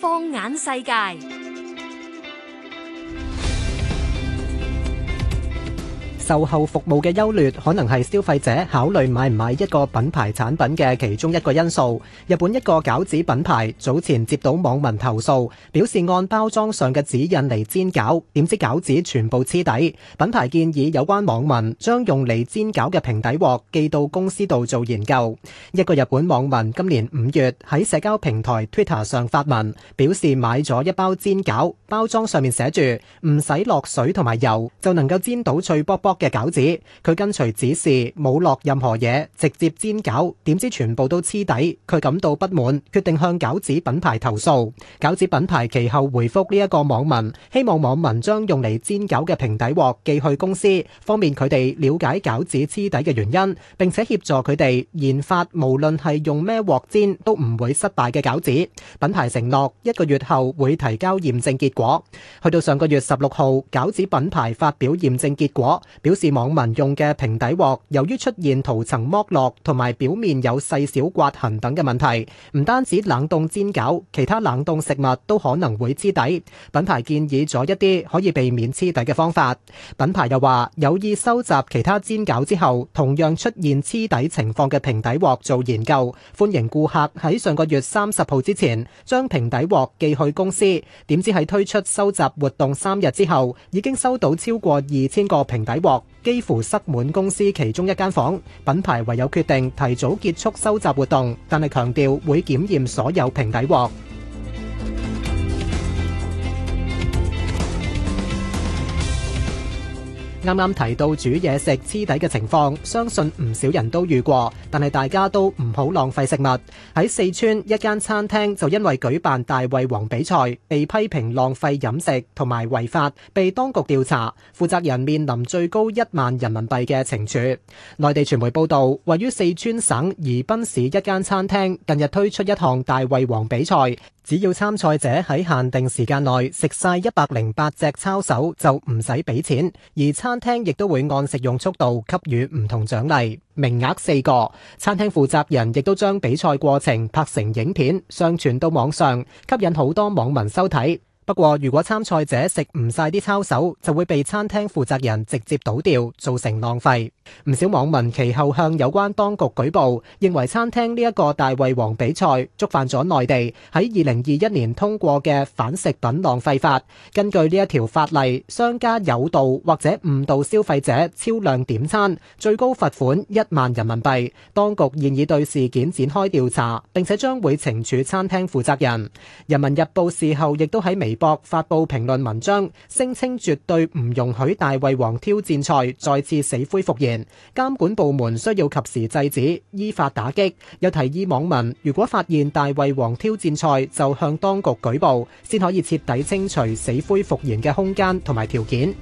放眼世界。售後服務嘅優劣可能係消費者考慮買唔買一個品牌產品嘅其中一個因素。日本一個餃子品牌早前接到網民投訴，表示按包裝上嘅指引嚟煎餃，點知餃子全部黐底。品牌建議有關網民將用嚟煎餃嘅平底鑊寄到公司度做研究。一個日本網民今年5月喺社交平台 Twitter 上發文，表示買咗一包煎餃，包裝上面寫住，唔使落水同埋油，就能夠煎到脆卜卜。嘅餃子，佢跟隨指示冇落任何嘢，直接煎餃，點知全部都黐底，佢感到不滿，決定向餃子品牌投訴。餃子品牌其後回覆呢一個網民，希望網民將用嚟煎餃嘅平底鑊寄去公司，方便佢哋了解餃子黐底嘅原因，並且協助佢哋研發無論係用咩鑊煎都唔會失敗嘅餃子。品牌承諾一個月後會提交驗證結果。去到上個月十六號，餃子品牌發表驗證結果。表示網民用嘅平底鑊，由於出現塗層剝落同埋表面有細小刮痕等嘅問題，唔單止冷凍煎餃，其他冷凍食物都可能會黐底。品牌建議咗一啲可以避免黐底嘅方法。品牌又話有意收集其他煎餃之後同樣出現黐底情況嘅平底鑊做研究，歡迎顧客喺上個月三十號之前將平底鑊寄去公司。點知喺推出收集活動三日之後，已經收到超過二千個平底鑊。幾乎塞滿公司其中一間房，品牌唯有決定提早結束收集活動，但係強調會檢驗所有平底鑊。啱啱提到煮嘢食黐底嘅情況，相信唔少人都遇過，但係大家都唔好浪費食物。喺四川一間餐廳就因為舉辦大胃王比賽，被批評浪費飲食同埋違法，被當局調查，負責人面臨最高一萬人民幣嘅懲處。內地傳媒報道，位於四川省宜賓市一間餐廳近日推出一項大胃王比賽。只要參賽者喺限定時間內食晒一百零八隻抄手，就唔使俾錢，而餐廳亦都會按食用速度給予唔同獎勵。名額四個，餐廳負責人亦都將比賽過程拍成影片，上傳到網上，吸引好多網民收睇。不過如果參賽者食唔晒啲抄手，就會被餐廳負責人直接倒掉，造成浪費。唔少網民其後向有關當局舉報，認為餐廳呢一個大胃王比賽觸犯咗內地喺二零二一年通過嘅反食品浪費法。根據呢一條法例，商家誘導或者誤導消費者超量點餐，最高罰款一萬人民幣。當局現已對事件展開調查，並且將會懲處餐廳負責人。人民日報事後亦都喺微微博發布評論文章，聲稱絕對唔容許大胃王挑戰賽再次死灰復燃。監管部門需要及時制止，依法打擊。又提議網民如果發現大胃王挑戰賽就向當局舉報，先可以徹底清除死灰復燃嘅空間同埋條件。